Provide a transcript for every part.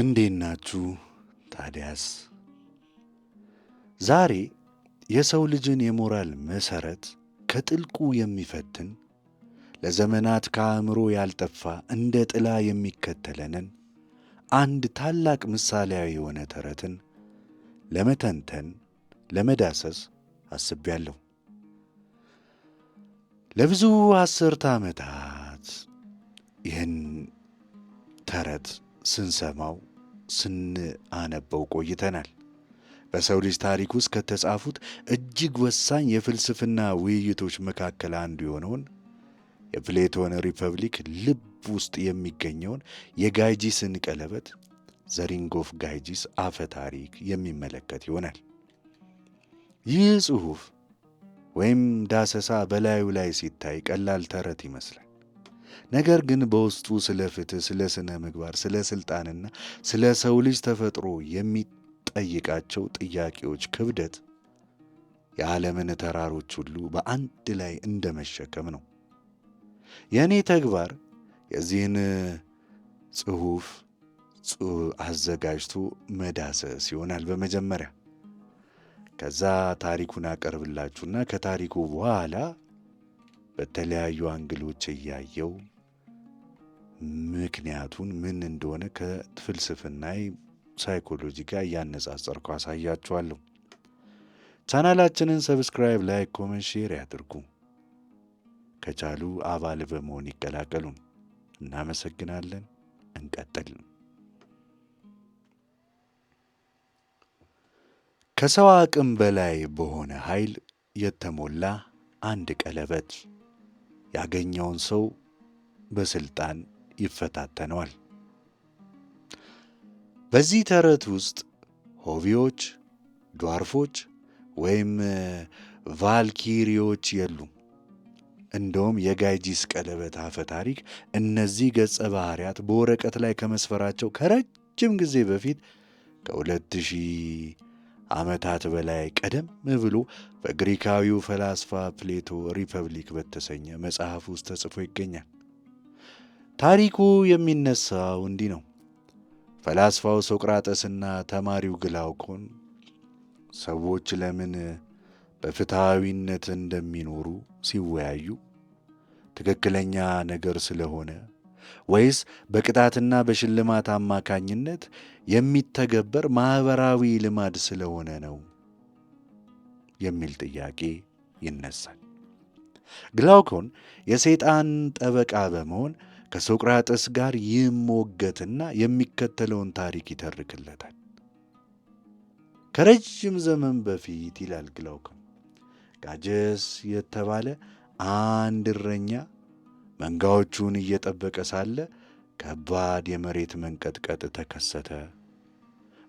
እንዴት ናችሁ? ታዲያስ ዛሬ የሰው ልጅን የሞራል መሠረት ከጥልቁ የሚፈትን ለዘመናት ከአእምሮ ያልጠፋ እንደ ጥላ የሚከተለንን አንድ ታላቅ ምሳሌያዊ የሆነ ተረትን ለመተንተን ለመዳሰስ አስቤያለሁ። ለብዙ አስርተ ዓመታት ይህን ተረት ስንሰማው ስንአነበው ቆይተናል። በሰው ልጅ ታሪክ ውስጥ ከተጻፉት እጅግ ወሳኝ የፍልስፍና ውይይቶች መካከል አንዱ የሆነውን የፕሌቶን ሪፐብሊክ ልብ ውስጥ የሚገኘውን የጋይጂስን ቀለበት ዘሪንጎፍ ጋይጂስ አፈ ታሪክ የሚመለከት ይሆናል። ይህ ጽሑፍ ወይም ዳሰሳ በላዩ ላይ ሲታይ ቀላል ተረት ይመስላል። ነገር ግን በውስጡ ስለ ፍትህ፣ ስለ ስነ ምግባር፣ ስለ ስልጣንና ስለ ሰው ልጅ ተፈጥሮ የሚጠይቃቸው ጥያቄዎች ክብደት የዓለምን ተራሮች ሁሉ በአንድ ላይ እንደ መሸከም ነው። የእኔ ተግባር የዚህን ጽሑፍ አዘጋጅቶ መዳሰስ ይሆናል በመጀመሪያ ከዛ ታሪኩን አቀርብላችሁና ከታሪኩ በኋላ በተለያዩ አንግሎች እያየው ምክንያቱን ምን እንደሆነ ከፍልስፍና ሳይኮሎጂ ጋር እያነጻጸርኩ አሳያችኋለሁ። ቻናላችንን ሰብስክራይብ፣ ላይክ፣ ኮመንት፣ ሼር ያድርጉ። ከቻሉ አባል በመሆን ይቀላቀሉ። እናመሰግናለን። እንቀጥል። ከሰው አቅም በላይ በሆነ ኃይል የተሞላ አንድ ቀለበት ያገኘውን ሰው በስልጣን ይፈታተነዋል። በዚህ ተረት ውስጥ ሆቢዎች፣ ዷርፎች ወይም ቫልኪሪዎች የሉም። እንደውም የጋይጂስ ቀለበት አፈ ታሪክ እነዚህ ገጸ ባህሪያት በወረቀት ላይ ከመስፈራቸው ከረጅም ጊዜ በፊት ከሁለት ሺህ ዓመታት በላይ ቀደም ብሎ በግሪካዊው ፈላስፋ ፕሌቶ ሪፐብሊክ በተሰኘ መጽሐፍ ውስጥ ተጽፎ ይገኛል። ታሪኩ የሚነሳው እንዲህ ነው። ፈላስፋው ሶቅራጠስና ተማሪው ግላውኮን ሰዎች ለምን በፍትሐዊነት እንደሚኖሩ ሲወያዩ ትክክለኛ ነገር ስለሆነ ወይስ በቅጣትና በሽልማት አማካኝነት የሚተገበር ማኅበራዊ ልማድ ስለሆነ ነው የሚል ጥያቄ ይነሳል። ግላውኮን የሰይጣን ጠበቃ በመሆን ከሶቅራጠስ ጋር ይሞገትና የሚከተለውን ታሪክ ይተርክለታል። ከረጅም ዘመን በፊት ይላል ግላውክም፣ ጋጀስ የተባለ አንድ እረኛ መንጋዎቹን እየጠበቀ ሳለ ከባድ የመሬት መንቀጥቀጥ ተከሰተ።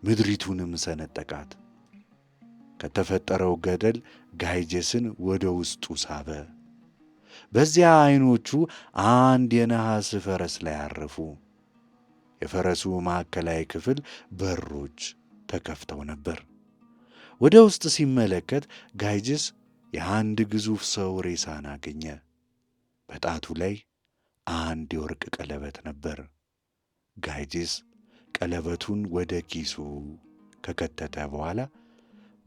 ምድሪቱንም ሰነጠቃት። ከተፈጠረው ገደል ጋይጀስን ወደ ውስጡ ሳበ። በዚያ ዐይኖቹ አንድ የነሐስ ፈረስ ላይ አረፉ። የፈረሱ ማዕከላዊ ክፍል በሮች ተከፍተው ነበር። ወደ ውስጥ ሲመለከት ጋይጅስ የአንድ ግዙፍ ሰው ሬሳን አገኘ። በጣቱ ላይ አንድ የወርቅ ቀለበት ነበር። ጋይጅስ ቀለበቱን ወደ ኪሱ ከከተተ በኋላ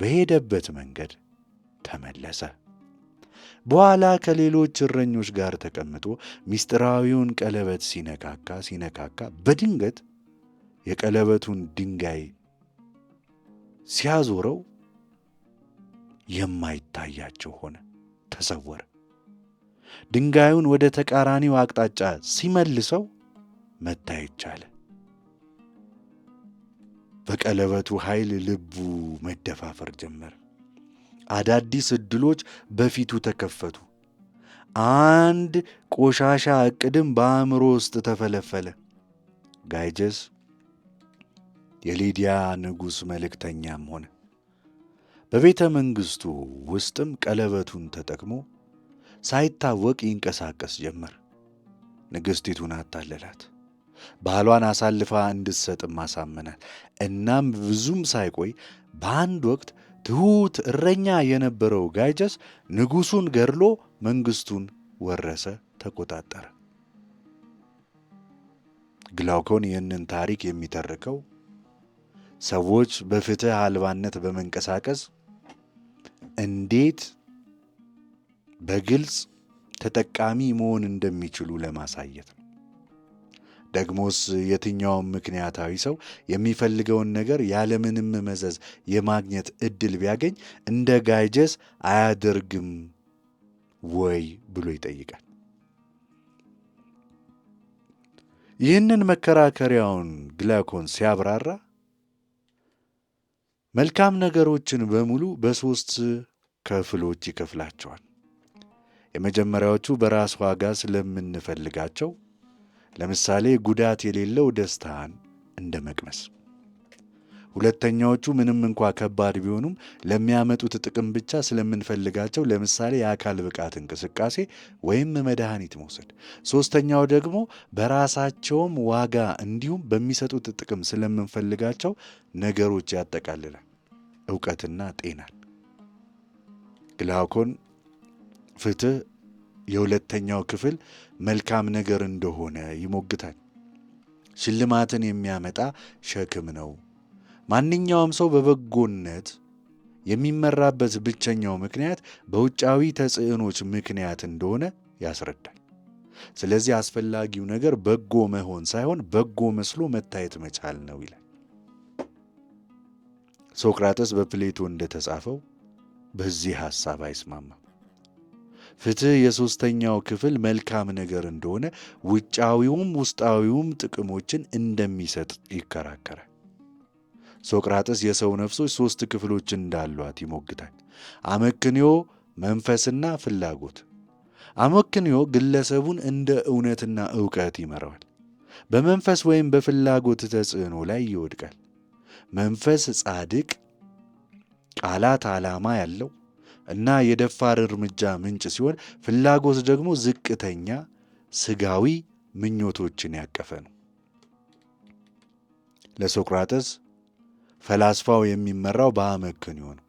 በሄደበት መንገድ ተመለሰ። በኋላ ከሌሎች እረኞች ጋር ተቀምጦ ምስጢራዊውን ቀለበት ሲነካካ ሲነካካ በድንገት የቀለበቱን ድንጋይ ሲያዞረው የማይታያቸው ሆነ፣ ተሰወረ። ድንጋዩን ወደ ተቃራኒው አቅጣጫ ሲመልሰው መታየት ቻለ። በቀለበቱ ኃይል ልቡ መደፋፈር ጀመር። አዳዲስ ዕድሎች በፊቱ ተከፈቱ። አንድ ቆሻሻ ዕቅድም በአእምሮ ውስጥ ተፈለፈለ። ጋይጀስ የሊዲያ ንጉሥ መልእክተኛም ሆነ። በቤተ መንግሥቱ ውስጥም ቀለበቱን ተጠቅሞ ሳይታወቅ ይንቀሳቀስ ጀመር። ንግሥቲቱን አታለላት፣ ባሏን አሳልፋ እንድትሰጥም አሳመናት። እናም ብዙም ሳይቆይ በአንድ ወቅት ትሑት እረኛ የነበረው ጋይጀስ ንጉሡን ገድሎ መንግሥቱን ወረሰ፣ ተቆጣጠረ። ግላውኮን ይህንን ታሪክ የሚተርከው ሰዎች በፍትህ አልባነት በመንቀሳቀስ እንዴት በግልጽ ተጠቃሚ መሆን እንደሚችሉ ለማሳየት ነው። ደግሞስ የትኛውም ምክንያታዊ ሰው የሚፈልገውን ነገር ያለምንም መዘዝ የማግኘት እድል ቢያገኝ እንደ ጋይጀስ አያደርግም ወይ ብሎ ይጠይቃል። ይህንን መከራከሪያውን ግላኮን ሲያብራራ መልካም ነገሮችን በሙሉ በሦስት ክፍሎች ይከፍላቸዋል። የመጀመሪያዎቹ በራስ ዋጋ ስለምንፈልጋቸው ለምሳሌ ጉዳት የሌለው ደስታን እንደ መቅመስ። ሁለተኛዎቹ ምንም እንኳ ከባድ ቢሆኑም ለሚያመጡት ጥቅም ብቻ ስለምንፈልጋቸው፣ ለምሳሌ የአካል ብቃት እንቅስቃሴ ወይም መድኃኒት መውሰድ። ሶስተኛው ደግሞ በራሳቸውም ዋጋ እንዲሁም በሚሰጡት ጥቅም ስለምንፈልጋቸው ነገሮች ያጠቃልላል። እውቀትና ጤናን ግላኮን ፍትህ የሁለተኛው ክፍል መልካም ነገር እንደሆነ ይሞግታል። ሽልማትን የሚያመጣ ሸክም ነው። ማንኛውም ሰው በበጎነት የሚመራበት ብቸኛው ምክንያት በውጫዊ ተጽዕኖች ምክንያት እንደሆነ ያስረዳል። ስለዚህ አስፈላጊው ነገር በጎ መሆን ሳይሆን በጎ መስሎ መታየት መቻል ነው ይላል። ሶቅራጠስ በፕሌቶ እንደተጻፈው በዚህ ሐሳብ አይስማማም። ፍትህ የሶስተኛው ክፍል መልካም ነገር እንደሆነ ውጫዊውም ውስጣዊውም ጥቅሞችን እንደሚሰጥ ይከራከራል። ሶቅራጥስ የሰው ነፍሶች ሦስት ክፍሎች እንዳሏት ይሞግታል። አመክንዮ፣ መንፈስና ፍላጎት። አመክንዮ ግለሰቡን እንደ እውነትና እውቀት ይመራዋል። በመንፈስ ወይም በፍላጎት ተጽዕኖ ላይ ይወድቃል። መንፈስ ጻድቅ፣ ቃላት ዓላማ ያለው እና የደፋር እርምጃ ምንጭ ሲሆን ፍላጎት ደግሞ ዝቅተኛ ስጋዊ ምኞቶችን ያቀፈ ነው። ለሶቅራጠስ ፈላስፋው የሚመራው በአመክንዮ ነው።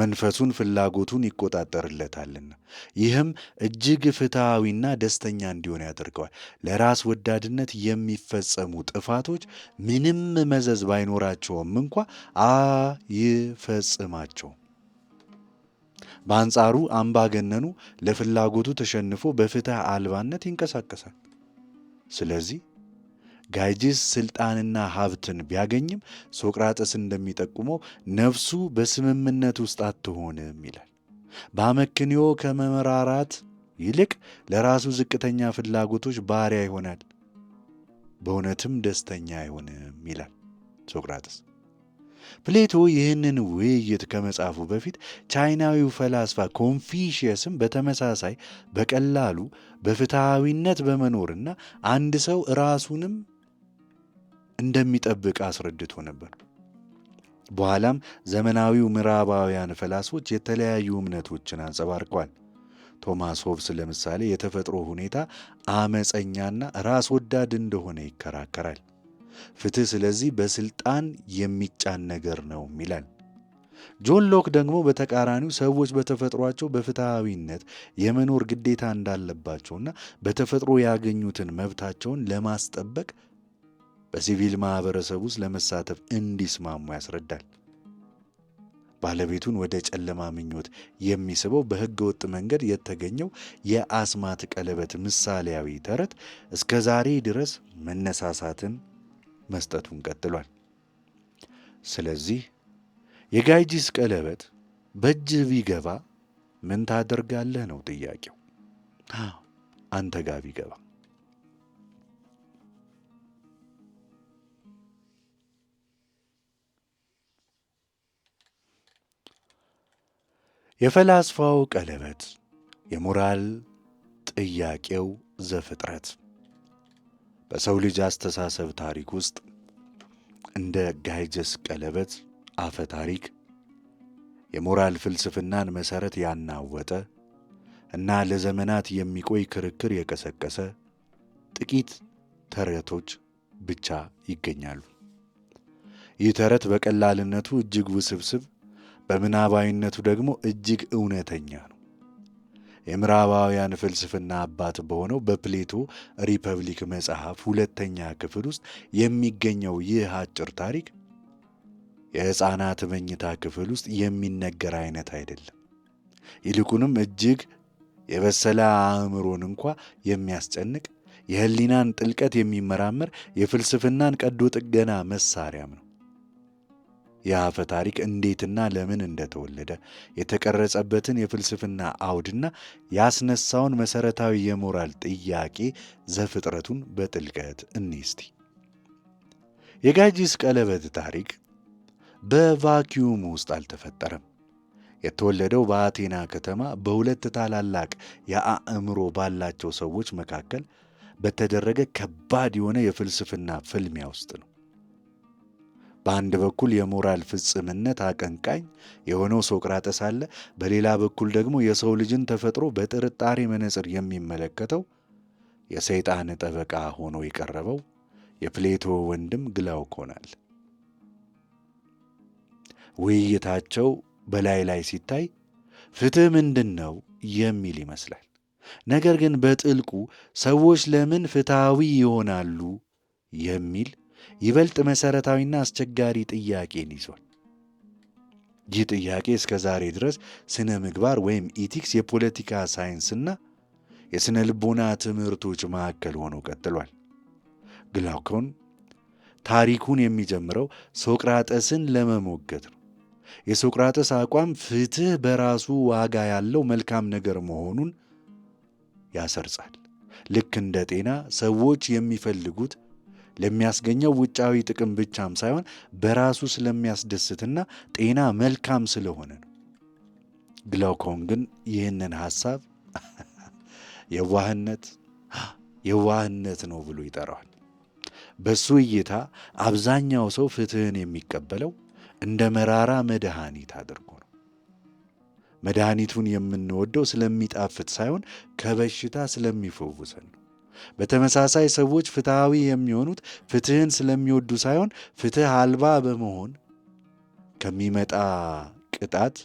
መንፈሱን ፍላጎቱን ይቆጣጠርለታልና ይህም እጅግ ፍትሐዊና ደስተኛ እንዲሆን ያደርገዋል። ለራስ ወዳድነት የሚፈጸሙ ጥፋቶች ምንም መዘዝ ባይኖራቸውም እንኳ አይፈጽማቸውም። በአንጻሩ አምባገነኑ ለፍላጎቱ ተሸንፎ በፍትህ አልባነት ይንቀሳቀሳል። ስለዚህ ጋይጅስ ስልጣንና ሀብትን ቢያገኝም ሶቅራጠስ እንደሚጠቁመው ነፍሱ በስምምነት ውስጥ አትሆንም ይላል። በአመክንዮ ከመመራራት ይልቅ ለራሱ ዝቅተኛ ፍላጎቶች ባሪያ ይሆናል፣ በእውነትም ደስተኛ አይሆንም ይላል ሶቅራጠስ። ፕሌቶ ይህንን ውይይት ከመጻፉ በፊት ቻይናዊው ፈላስፋ ኮንፊሽየስም በተመሳሳይ በቀላሉ በፍትሐዊነት በመኖርና አንድ ሰው ራሱንም እንደሚጠብቅ አስረድቶ ነበር። በኋላም ዘመናዊው ምዕራባውያን ፈላስፎች የተለያዩ እምነቶችን አንጸባርቀዋል። ቶማስ ሆብስ ለምሳሌ የተፈጥሮ ሁኔታ አመፀኛና ራስ ወዳድ እንደሆነ ይከራከራል። ፍትህ ስለዚህ በስልጣን የሚጫን ነገር ነው ይላል። ጆን ሎክ ደግሞ በተቃራኒው ሰዎች በተፈጥሯቸው በፍትሐዊነት የመኖር ግዴታ እንዳለባቸውና በተፈጥሮ ያገኙትን መብታቸውን ለማስጠበቅ በሲቪል ማህበረሰብ ውስጥ ለመሳተፍ እንዲስማሙ ያስረዳል። ባለቤቱን ወደ ጨለማ ምኞት የሚስበው በሕገ ወጥ መንገድ የተገኘው የአስማት ቀለበት ምሳሌያዊ ተረት እስከ ዛሬ ድረስ መነሳሳትን መስጠቱን ቀጥሏል። ስለዚህ የጋይጂስ ቀለበት በእጅ ቢገባ ምን ታደርጋለህ ነው ጥያቄው። አንተ ጋ ቢገባ የፈላስፋው ቀለበት የሞራል ጥያቄው ዘፍጥረት በሰው ልጅ አስተሳሰብ ታሪክ ውስጥ እንደ ጋይጀስ ቀለበት አፈ ታሪክ የሞራል ፍልስፍናን መሠረት ያናወጠ እና ለዘመናት የሚቆይ ክርክር የቀሰቀሰ ጥቂት ተረቶች ብቻ ይገኛሉ። ይህ ተረት በቀላልነቱ እጅግ ውስብስብ፣ በምናባዊነቱ ደግሞ እጅግ እውነተኛ ነው። የምዕራባውያን ፍልስፍና አባት በሆነው በፕሌቶ ሪፐብሊክ መጽሐፍ ሁለተኛ ክፍል ውስጥ የሚገኘው ይህ አጭር ታሪክ የሕፃናት መኝታ ክፍል ውስጥ የሚነገር አይነት አይደለም። ይልቁንም እጅግ የበሰለ አእምሮን እንኳ የሚያስጨንቅ የህሊናን ጥልቀት የሚመራመር የፍልስፍናን ቀዶ ጥገና መሳሪያም ነው። የአፈ ታሪክ እንዴትና ለምን እንደተወለደ የተቀረጸበትን የፍልስፍና አውድና ያስነሳውን መሠረታዊ የሞራል ጥያቄ ዘፍጥረቱን በጥልቀት እንስቲ። የጋጂስ ቀለበት ታሪክ በቫኪዩም ውስጥ አልተፈጠረም። የተወለደው በአቴና ከተማ በሁለት ታላላቅ የአእምሮ ባላቸው ሰዎች መካከል በተደረገ ከባድ የሆነ የፍልስፍና ፍልሚያ ውስጥ ነው። በአንድ በኩል የሞራል ፍጽምነት አቀንቃኝ የሆነው ሶቅራጠስ አለ። በሌላ በኩል ደግሞ የሰው ልጅን ተፈጥሮ በጥርጣሬ መነጽር የሚመለከተው የሰይጣን ጠበቃ ሆኖ የቀረበው የፕሌቶ ወንድም ግላውኮናል። ውይይታቸው በላይ ላይ ሲታይ ፍትህ ምንድን ነው የሚል ይመስላል። ነገር ግን በጥልቁ ሰዎች ለምን ፍትሐዊ ይሆናሉ የሚል ይበልጥ መሠረታዊና አስቸጋሪ ጥያቄን ይዟል። ይህ ጥያቄ እስከ ዛሬ ድረስ ስነ ምግባር ወይም ኢቲክስ የፖለቲካ ሳይንስና የሥነ ልቦና ትምህርቶች ማዕከል ሆኖ ቀጥሏል። ግላኮን ታሪኩን የሚጀምረው ሶቅራጠስን ለመሞገት ነው። የሶቅራጠስ አቋም ፍትህ በራሱ ዋጋ ያለው መልካም ነገር መሆኑን ያሰርጻል። ልክ እንደ ጤና ሰዎች የሚፈልጉት ለሚያስገኘው ውጫዊ ጥቅም ብቻም ሳይሆን በራሱ ስለሚያስደስትና ጤና መልካም ስለሆነ ነው። ግላውኮን ግን ይህንን ሐሳብ የዋህነት የዋህነት ነው ብሎ ይጠራዋል። በሱ እይታ አብዛኛው ሰው ፍትህን የሚቀበለው እንደ መራራ መድኃኒት አድርጎ ነው። መድኃኒቱን የምንወደው ስለሚጣፍጥ ሳይሆን ከበሽታ ስለሚፈውሰን ነው። በተመሳሳይ ሰዎች ፍትሐዊ የሚሆኑት ፍትህን ስለሚወዱ ሳይሆን ፍትህ አልባ በመሆን ከሚመጣ ቅጣት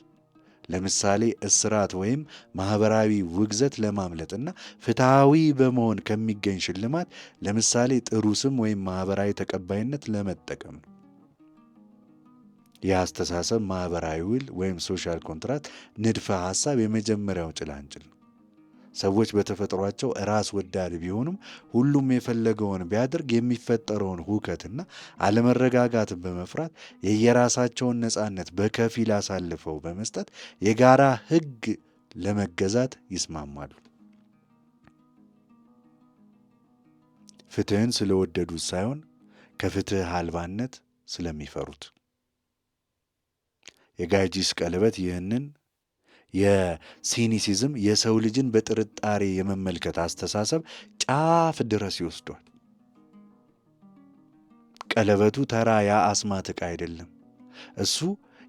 ለምሳሌ እስራት ወይም ማህበራዊ ውግዘት ለማምለጥና ፍትሐዊ በመሆን ከሚገኝ ሽልማት ለምሳሌ ጥሩ ስም ወይም ማህበራዊ ተቀባይነት ለመጠቀም ነው። የአስተሳሰብ ማህበራዊ ውል ወይም ሶሻል ኮንትራት ንድፈ ሀሳብ የመጀመሪያው ጭላንጭል ነው። ሰዎች በተፈጥሯቸው ራስ ወዳድ ቢሆኑም ሁሉም የፈለገውን ቢያደርግ የሚፈጠረውን ሁከትና አለመረጋጋት በመፍራት የየራሳቸውን ነፃነት በከፊል አሳልፈው በመስጠት የጋራ ሕግ ለመገዛት ይስማማሉ። ፍትህን ስለወደዱት ሳይሆን ከፍትህ አልባነት ስለሚፈሩት። የጋይጂስ ቀለበት ይህንን የሲኒሲዝም የሰው ልጅን በጥርጣሬ የመመልከት አስተሳሰብ ጫፍ ድረስ ይወስዷል። ቀለበቱ ተራ ያ ዕቃ አይደለም። እሱ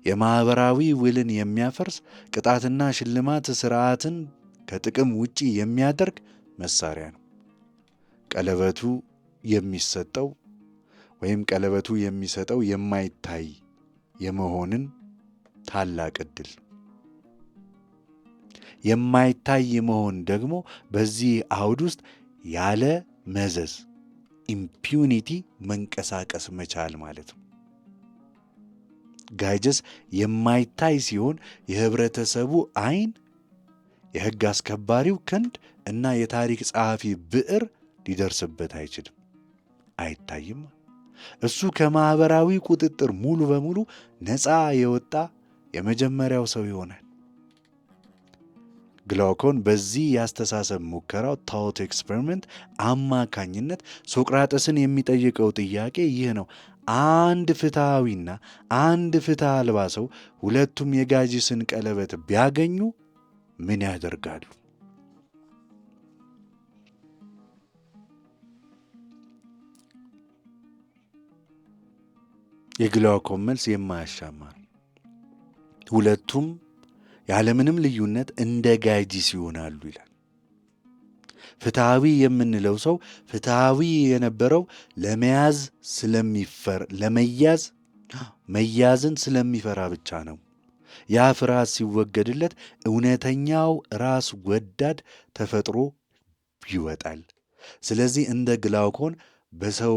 የማኅበራዊ ውልን የሚያፈርስ ቅጣትና ሽልማት ስርዓትን ከጥቅም ውጪ የሚያደርግ መሳሪያ ነው። ቀለበቱ የሚሰጠው ወይም ቀለበቱ የሚሰጠው የማይታይ የመሆንን ታላቅ ዕድል የማይታይ መሆን ደግሞ በዚህ አውድ ውስጥ ያለ መዘዝ ኢምፒዩኒቲ መንቀሳቀስ መቻል ማለት ነው። ጋይጀስ የማይታይ ሲሆን የህብረተሰቡ አይን የህግ አስከባሪው ክንድ እና የታሪክ ጸሐፊ ብዕር ሊደርስበት አይችልም፣ አይታይም። እሱ ከማኅበራዊ ቁጥጥር ሙሉ በሙሉ ነፃ የወጣ የመጀመሪያው ሰው ይሆናል። ግላውኮን በዚህ የአስተሳሰብ ሙከራው ታዎት ኤክስፐሪመንት አማካኝነት ሶቅራጠስን የሚጠይቀው ጥያቄ ይህ ነው። አንድ ፍትሐዊና አንድ ፍትሕ አልባ ሰው ሁለቱም የጋዥስን ቀለበት ቢያገኙ ምን ያደርጋሉ? የግላውኮን መልስ የማያሻማ ሁለቱም ያለምንም ልዩነት እንደ ጋጂስ ይሆናሉ ይላል። ፍትሐዊ የምንለው ሰው ፍትሐዊ የነበረው ለመያዝ ስለሚፈር ለመያዝ መያዝን ስለሚፈራ ብቻ ነው። ያ ፍርሃት ሲወገድለት እውነተኛው ራስ ወዳድ ተፈጥሮ ይወጣል። ስለዚህ እንደ ግላውኮን በሰው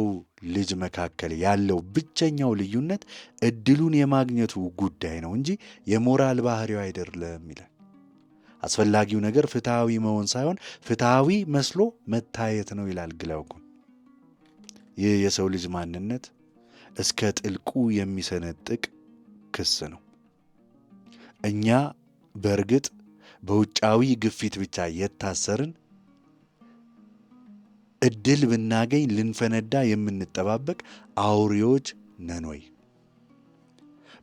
ልጅ መካከል ያለው ብቸኛው ልዩነት እድሉን የማግኘቱ ጉዳይ ነው እንጂ የሞራል ባህሪው አይደለም ይላል። አስፈላጊው ነገር ፍትሐዊ መሆን ሳይሆን ፍትሐዊ መስሎ መታየት ነው ይላል ግላውኮን። ይህ የሰው ልጅ ማንነት እስከ ጥልቁ የሚሰነጥቅ ክስ ነው። እኛ በእርግጥ በውጫዊ ግፊት ብቻ የታሰርን እድል ብናገኝ ልንፈነዳ የምንጠባበቅ አውሬዎች ነን ወይ?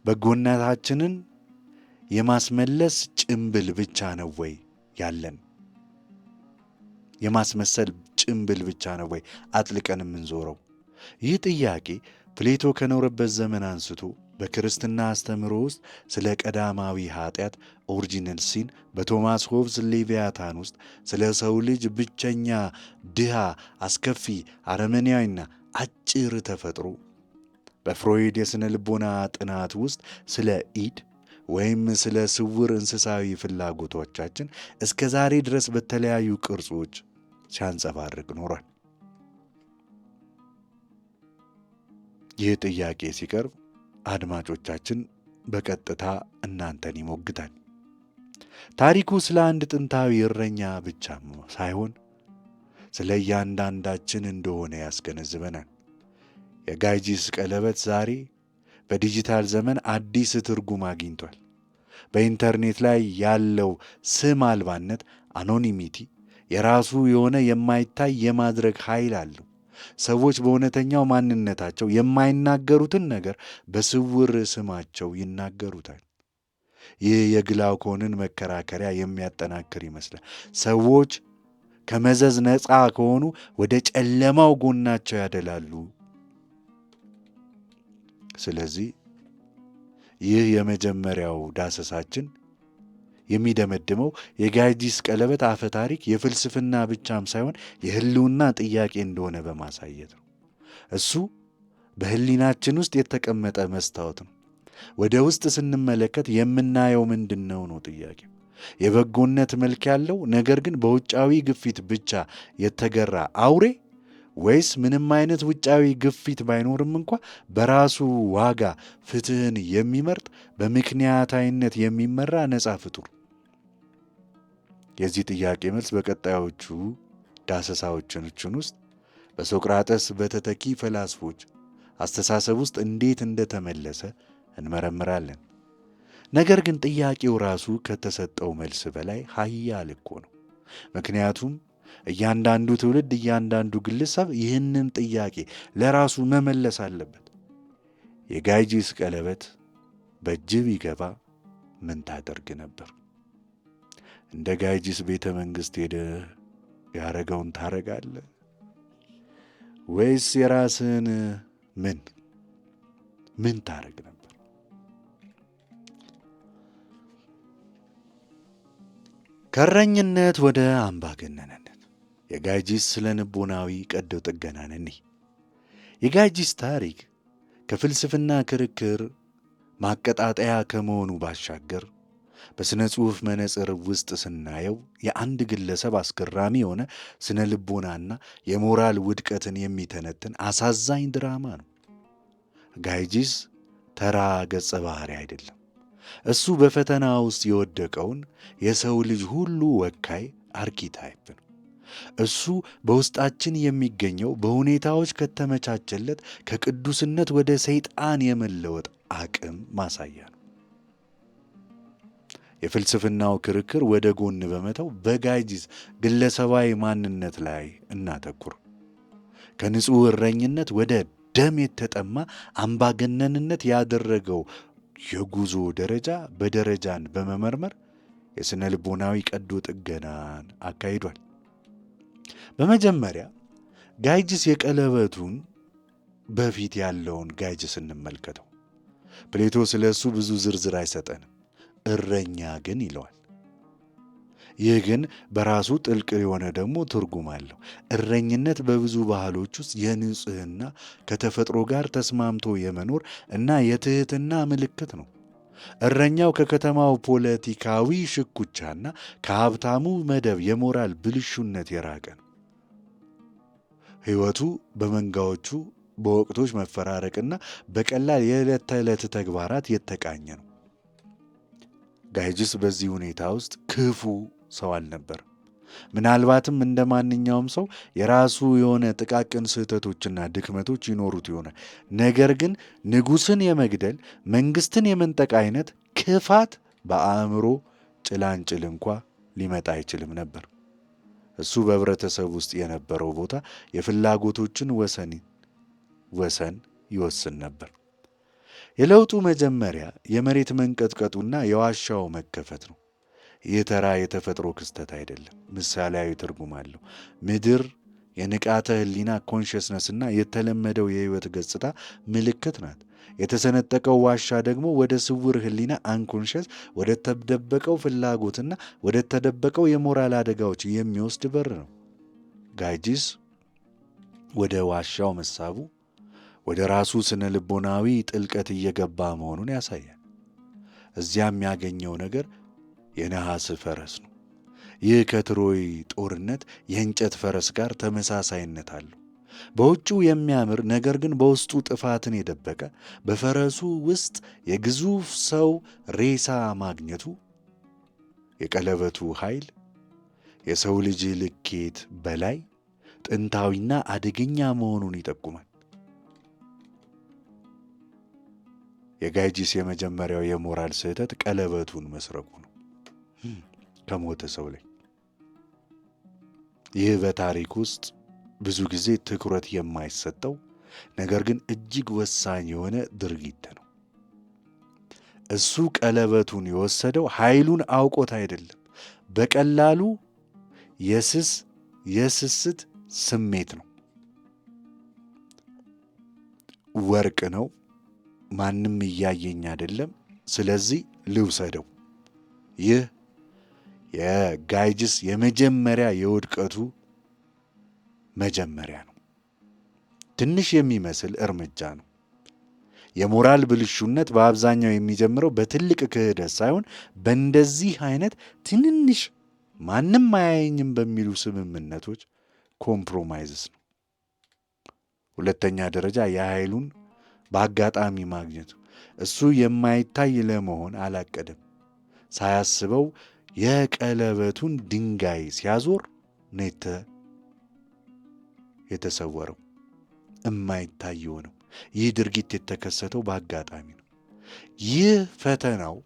በጎነታችንን የማስመለስ ጭምብል ብቻ ነው ወይ ያለን? የማስመሰል ጭምብል ብቻ ነው ወይ አጥልቀን የምንዞረው? ይህ ጥያቄ ፕሌቶ ከኖረበት ዘመን አንስቶ በክርስትና አስተምህሮ ውስጥ ስለ ቀዳማዊ ኃጢአት ኦሪጂናል ሲን በቶማስ ሆብስ ሌቪያታን ውስጥ ስለ ሰው ልጅ ብቸኛ ድሃ አስከፊ አረመኔያዊና አጭር ተፈጥሮ በፍሮይድ የሥነ ልቦና ጥናት ውስጥ ስለ ኢድ ወይም ስለ ስውር እንስሳዊ ፍላጎቶቻችን እስከ ዛሬ ድረስ በተለያዩ ቅርጾች ሲያንጸባርቅ ኖሯል። ይህ ጥያቄ ሲቀርብ አድማጮቻችን በቀጥታ እናንተን ይሞግታል። ታሪኩ ስለ አንድ ጥንታዊ እረኛ ብቻም ሳይሆን ስለ እያንዳንዳችን እንደሆነ ያስገነዝበናል። የጋይጂስ ቀለበት ዛሬ በዲጂታል ዘመን አዲስ ትርጉም አግኝቷል። በኢንተርኔት ላይ ያለው ስም አልባነት አኖኒሚቲ የራሱ የሆነ የማይታይ የማድረግ ኃይል አለው። ሰዎች በእውነተኛው ማንነታቸው የማይናገሩትን ነገር በስውር ስማቸው ይናገሩታል። ይህ የግላውኮንን መከራከሪያ የሚያጠናክር ይመስላል። ሰዎች ከመዘዝ ነፃ ከሆኑ ወደ ጨለማው ጎናቸው ያደላሉ። ስለዚህ ይህ የመጀመሪያው ዳሰሳችን የሚደመድመው የጋጂስ ቀለበት አፈ ታሪክ የፍልስፍና ብቻም ሳይሆን የህልውና ጥያቄ እንደሆነ በማሳየት ነው። እሱ በህሊናችን ውስጥ የተቀመጠ መስታወት ነው። ወደ ውስጥ ስንመለከት የምናየው ምንድን ነው ነው ጥያቄ። የበጎነት መልክ ያለው ነገር ግን በውጫዊ ግፊት ብቻ የተገራ አውሬ ወይስ ምንም አይነት ውጫዊ ግፊት ባይኖርም እንኳ በራሱ ዋጋ ፍትህን የሚመርጥ በምክንያታዊነት የሚመራ ነፃ ፍጡር? የዚህ ጥያቄ መልስ በቀጣዮቹ ዳሰሳዎችንችን ውስጥ በሶቅራጠስ በተተኪ ፈላስፎች አስተሳሰብ ውስጥ እንዴት እንደተመለሰ እንመረምራለን። ነገር ግን ጥያቄው ራሱ ከተሰጠው መልስ በላይ ሀያል እኮ ነው። ምክንያቱም እያንዳንዱ ትውልድ እያንዳንዱ ግለሰብ ይህንን ጥያቄ ለራሱ መመለስ አለበት። የጋይጂስ ቀለበት በእጅ ቢገባ ምን ታደርግ ነበር? እንደ ጋይጂስ ቤተ መንግሥት ሄደ ያረገውን ታረጋለ ወይስ የራስህን ምን ምን ታረግ ነበር? ከረኝነት ወደ አምባገነንን የጋጂስ ስነ ልቦናዊ ቀዶ ጥገና ነኒ። የጋጂስ ታሪክ ከፍልስፍና ክርክር ማቀጣጠያ ከመሆኑ ባሻገር በሥነ ጽሑፍ መነጽር ውስጥ ስናየው የአንድ ግለሰብ አስገራሚ የሆነ ስነ ልቦናና የሞራል ውድቀትን የሚተነትን አሳዛኝ ድራማ ነው። ጋይጂስ ተራ ገጸ ባህሪ አይደለም። እሱ በፈተና ውስጥ የወደቀውን የሰው ልጅ ሁሉ ወካይ አርኪታይፕ ነው። እሱ በውስጣችን የሚገኘው በሁኔታዎች ከተመቻቸለት ከቅዱስነት ወደ ሰይጣን የመለወጥ አቅም ማሳያ ነው። የፍልስፍናው ክርክር ወደ ጎን በመተው በጋይጂስ ግለሰባዊ ማንነት ላይ እናተኩር። ከንጹሕ እረኝነት ወደ ደም የተጠማ አምባገነንነት ያደረገው የጉዞ ደረጃ በደረጃን በመመርመር የሥነ ልቦናዊ ቀዶ ጥገናን አካሂዷል። በመጀመሪያ ጋይጅስ የቀለበቱን በፊት ያለውን ጋይጅስ እንመልከተው። ፕሌቶ ስለ እሱ ብዙ ዝርዝር አይሰጠንም፣ እረኛ ግን ይለዋል። ይህ ግን በራሱ ጥልቅ የሆነ ደግሞ ትርጉም አለው። እረኝነት በብዙ ባህሎች ውስጥ የንጽህና ከተፈጥሮ ጋር ተስማምቶ የመኖር እና የትህትና ምልክት ነው። እረኛው ከከተማው ፖለቲካዊ ሽኩቻና ከሀብታሙ መደብ የሞራል ብልሹነት የራቀ ነው። ህይወቱ በመንጋዎቹ በወቅቶች መፈራረቅና በቀላል የዕለት ተዕለት ተግባራት የተቃኘ ነው። ጋይጅስ በዚህ ሁኔታ ውስጥ ክፉ ሰው አልነበር። ምናልባትም እንደ ማንኛውም ሰው የራሱ የሆነ ጥቃቅን ስህተቶችና ድክመቶች ይኖሩት ይሆናል። ነገር ግን ንጉሥን የመግደል መንግሥትን የመንጠቅ አይነት ክፋት በአእምሮ ጭላንጭል እንኳ ሊመጣ አይችልም ነበር። እሱ በህብረተሰብ ውስጥ የነበረው ቦታ የፍላጎቶችን ወሰን ወሰን ይወስን ነበር። የለውጡ መጀመሪያ የመሬት መንቀጥቀጡና የዋሻው መከፈት ነው። ይህ ተራ የተፈጥሮ ክስተት አይደለም፣ ምሳሌያዊ ትርጉም አለው። ምድር የንቃተ ህሊና ኮንሽስነስና የተለመደው የህይወት ገጽታ ምልክት ናት። የተሰነጠቀው ዋሻ ደግሞ ወደ ስውር ህሊና አንኮንሸስ ወደ ተደበቀው ፍላጎትና ወደ ተደበቀው የሞራል አደጋዎች የሚወስድ በር ነው። ጋይጂስ ወደ ዋሻው መሳቡ ወደ ራሱ ስነ ልቦናዊ ጥልቀት እየገባ መሆኑን ያሳያል። እዚያም ያገኘው ነገር የነሐስ ፈረስ ነው። ይህ ከትሮይ ጦርነት የእንጨት ፈረስ ጋር ተመሳሳይነት አለው። በውጭው የሚያምር ነገር ግን በውስጡ ጥፋትን የደበቀ በፈረሱ ውስጥ የግዙፍ ሰው ሬሳ ማግኘቱ የቀለበቱ ኃይል የሰው ልጅ ልኬት በላይ ጥንታዊና አደገኛ መሆኑን ይጠቁማል። የጋይጂስ የመጀመሪያው የሞራል ስህተት ቀለበቱን መስረቁ ነው ከሞተ ሰው ላይ። ይህ በታሪክ ውስጥ ብዙ ጊዜ ትኩረት የማይሰጠው ነገር ግን እጅግ ወሳኝ የሆነ ድርጊት ነው። እሱ ቀለበቱን የወሰደው ኃይሉን አውቆት አይደለም። በቀላሉ የስስ የስስት ስሜት ነው። ወርቅ ነው፣ ማንም እያየኝ አይደለም፣ ስለዚህ ልውሰደው። ይህ የጋይጅስ የመጀመሪያ የውድቀቱ መጀመሪያ ነው። ትንሽ የሚመስል እርምጃ ነው። የሞራል ብልሹነት በአብዛኛው የሚጀምረው በትልቅ ክህደት ሳይሆን በእንደዚህ አይነት ትንንሽ ማንም አያየኝም በሚሉ ስምምነቶች ኮምፕሮማይዝስ ነው። ሁለተኛ ደረጃ የኃይሉን በአጋጣሚ ማግኘቱ እሱ የማይታይ ለመሆን አላቀደም። ሳያስበው የቀለበቱን ድንጋይ ሲያዞር ነው የተሰወረው እማይታየው ነው። ይህ ድርጊት የተከሰተው በአጋጣሚ ነው። ይህ ፈተናው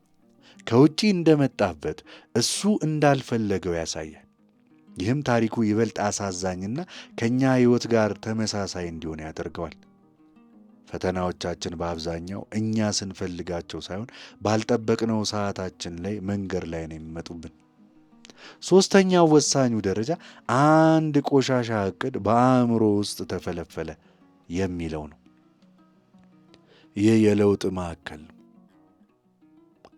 ከውጪ እንደመጣበት እሱ እንዳልፈለገው ያሳያል። ይህም ታሪኩ ይበልጥ አሳዛኝና ከእኛ ሕይወት ጋር ተመሳሳይ እንዲሆን ያደርገዋል። ፈተናዎቻችን በአብዛኛው እኛ ስንፈልጋቸው ሳይሆን ባልጠበቅነው ሰዓታችን ላይ መንገድ ላይ ነው የሚመጡብን። ሦስተኛው ወሳኙ ደረጃ አንድ ቆሻሻ እቅድ በአእምሮ ውስጥ ተፈለፈለ የሚለው ነው። ይህ የለውጥ ማዕከል ነው።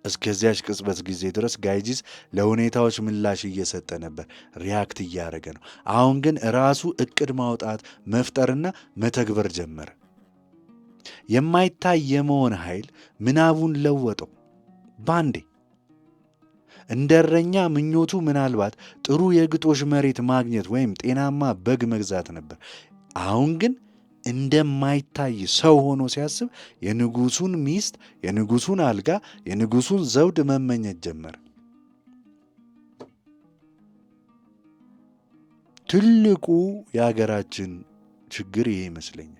እስከዚያች ቅጽበት ጊዜ ድረስ ጋይጂስ ለሁኔታዎች ምላሽ እየሰጠ ነበር፣ ሪያክት እያደረገ ነው። አሁን ግን ራሱ እቅድ ማውጣት መፍጠርና መተግበር ጀመረ። የማይታይ የመሆን ኃይል ምናቡን ለወጠው ባንዴ እንደ እረኛ ምኞቱ ምናልባት ጥሩ የግጦሽ መሬት ማግኘት ወይም ጤናማ በግ መግዛት ነበር። አሁን ግን እንደማይታይ ሰው ሆኖ ሲያስብ የንጉሱን ሚስት፣ የንጉሱን አልጋ፣ የንጉሱን ዘውድ መመኘት ጀመረ። ትልቁ የሀገራችን ችግር ይሄ ይመስለኛል።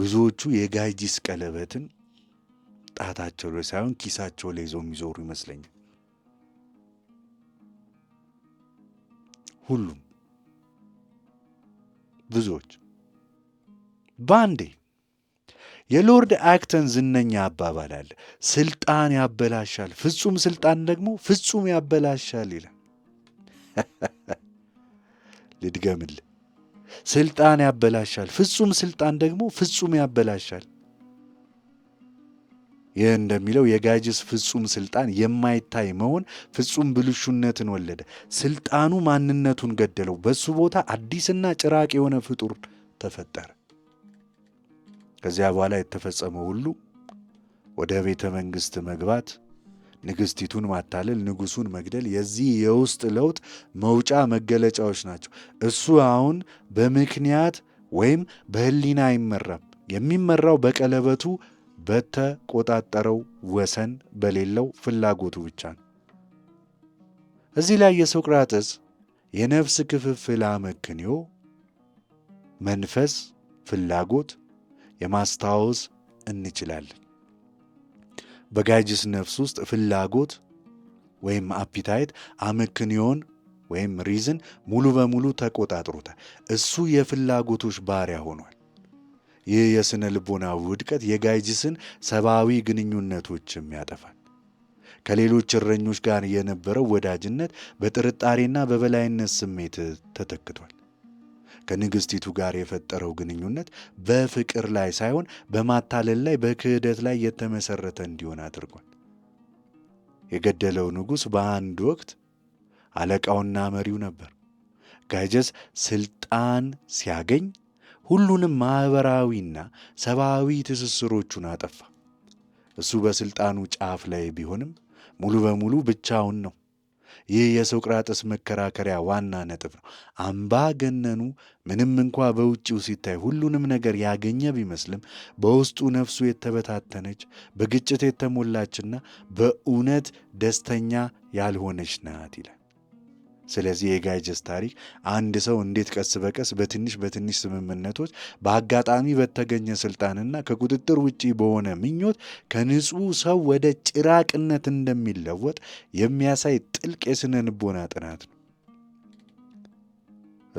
ብዙዎቹ የጋይጂስ ቀለበትን ጣታቸው ላይ ሳይሆን ኪሳቸው ላይ ይዘው የሚዞሩ ይመስለኛል። ሁሉም ብዙዎች በአንዴ የሎርድ አክተን ዝነኛ አባባል አለ። ስልጣን ያበላሻል፣ ፍጹም ስልጣን ደግሞ ፍጹም ያበላሻል ይላል። ልድገምል፣ ስልጣን ያበላሻል፣ ፍጹም ስልጣን ደግሞ ፍጹም ያበላሻል። ይህ እንደሚለው የጋጅስ ፍጹም ስልጣን የማይታይ መሆን ፍጹም ብልሹነትን ወለደ። ስልጣኑ ማንነቱን ገደለው። በሱ ቦታ አዲስና ጭራቅ የሆነ ፍጡር ተፈጠረ። ከዚያ በኋላ የተፈጸመው ሁሉ ወደ ቤተ መንግሥት መግባት፣ ንግሥቲቱን ማታለል፣ ንጉሱን መግደል የዚህ የውስጥ ለውጥ መውጫ መገለጫዎች ናቸው። እሱ አሁን በምክንያት ወይም በህሊና አይመራም። የሚመራው በቀለበቱ በተቆጣጠረው ወሰን በሌለው ፍላጎቱ ብቻ ነው። እዚህ ላይ የሶቅራጥስ የነፍስ ክፍፍል አመክንዮ መንፈስ፣ ፍላጎት የማስታወስ እንችላለን። በጋጅስ ነፍስ ውስጥ ፍላጎት ወይም አፒታይት አመክንዮን ወይም ሪዝን ሙሉ በሙሉ ተቆጣጥሮታል። እሱ የፍላጎቶች ባሪያ ሆኗል። ይህ የሥነ ልቦና ውድቀት የጋይጅስን ሰብአዊ ግንኙነቶችም ያጠፋል። ከሌሎች እረኞች ጋር የነበረው ወዳጅነት በጥርጣሬና በበላይነት ስሜት ተተክቷል። ከንግሥቲቱ ጋር የፈጠረው ግንኙነት በፍቅር ላይ ሳይሆን በማታለል ላይ፣ በክህደት ላይ የተመሠረተ እንዲሆን አድርጓል። የገደለው ንጉሥ በአንድ ወቅት አለቃውና መሪው ነበር። ጋይጀስ ስልጣን ሲያገኝ ሁሉንም ማኅበራዊና ሰብአዊ ትስስሮቹን አጠፋ። እሱ በሥልጣኑ ጫፍ ላይ ቢሆንም ሙሉ በሙሉ ብቻውን ነው። ይህ የሶቅራጥስ መከራከሪያ ዋና ነጥብ ነው። አምባ ገነኑ ምንም እንኳ በውጭው ሲታይ ሁሉንም ነገር ያገኘ ቢመስልም በውስጡ ነፍሱ የተበታተነች በግጭት የተሞላችና በእውነት ደስተኛ ያልሆነች ናት ይላል። ስለዚህ የጋይጀስ ታሪክ አንድ ሰው እንዴት ቀስ በቀስ በትንሽ በትንሽ ስምምነቶች በአጋጣሚ በተገኘ ስልጣንና ከቁጥጥር ውጪ በሆነ ምኞት ከንጹህ ሰው ወደ ጭራቅነት እንደሚለወጥ የሚያሳይ ጥልቅ የስነ ልቦና ጥናት ነው።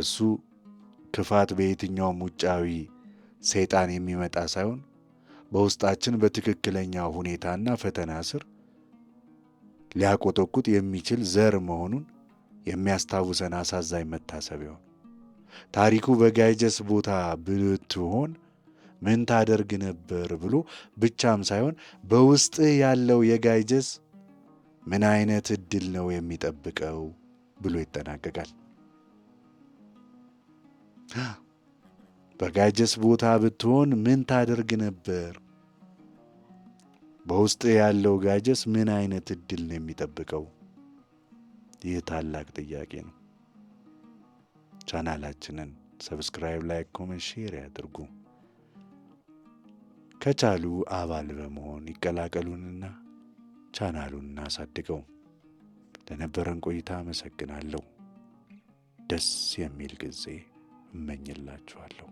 እሱ ክፋት በየትኛውም ውጫዊ ሰይጣን የሚመጣ ሳይሆን በውስጣችን በትክክለኛ ሁኔታና ፈተና ስር ሊያቆጠቁጥ የሚችል ዘር መሆኑን የሚያስታውሰን አሳዛኝ መታሰብ ይሆን? ታሪኩ በጋይጀስ ቦታ ብትሆን ምን ታደርግ ነበር ብሎ ብቻም ሳይሆን በውስጥህ ያለው የጋይጀስ ምን አይነት እድል ነው የሚጠብቀው ብሎ ይጠናቀቃል። በጋይጀስ ቦታ ብትሆን ምን ታደርግ ነበር? በውስጥ ያለው ጋይጀስ ምን አይነት እድል ነው የሚጠብቀው? ይህ ታላቅ ጥያቄ ነው። ቻናላችንን ሰብስክራይብ፣ ላይክ፣ ኮሜንት፣ ሼር ያድርጉ። ከቻሉ አባል በመሆን ይቀላቀሉንና ቻናሉን እናሳድገው። ለነበረን ቆይታ አመሰግናለሁ። ደስ የሚል ጊዜ እመኝላችኋለሁ።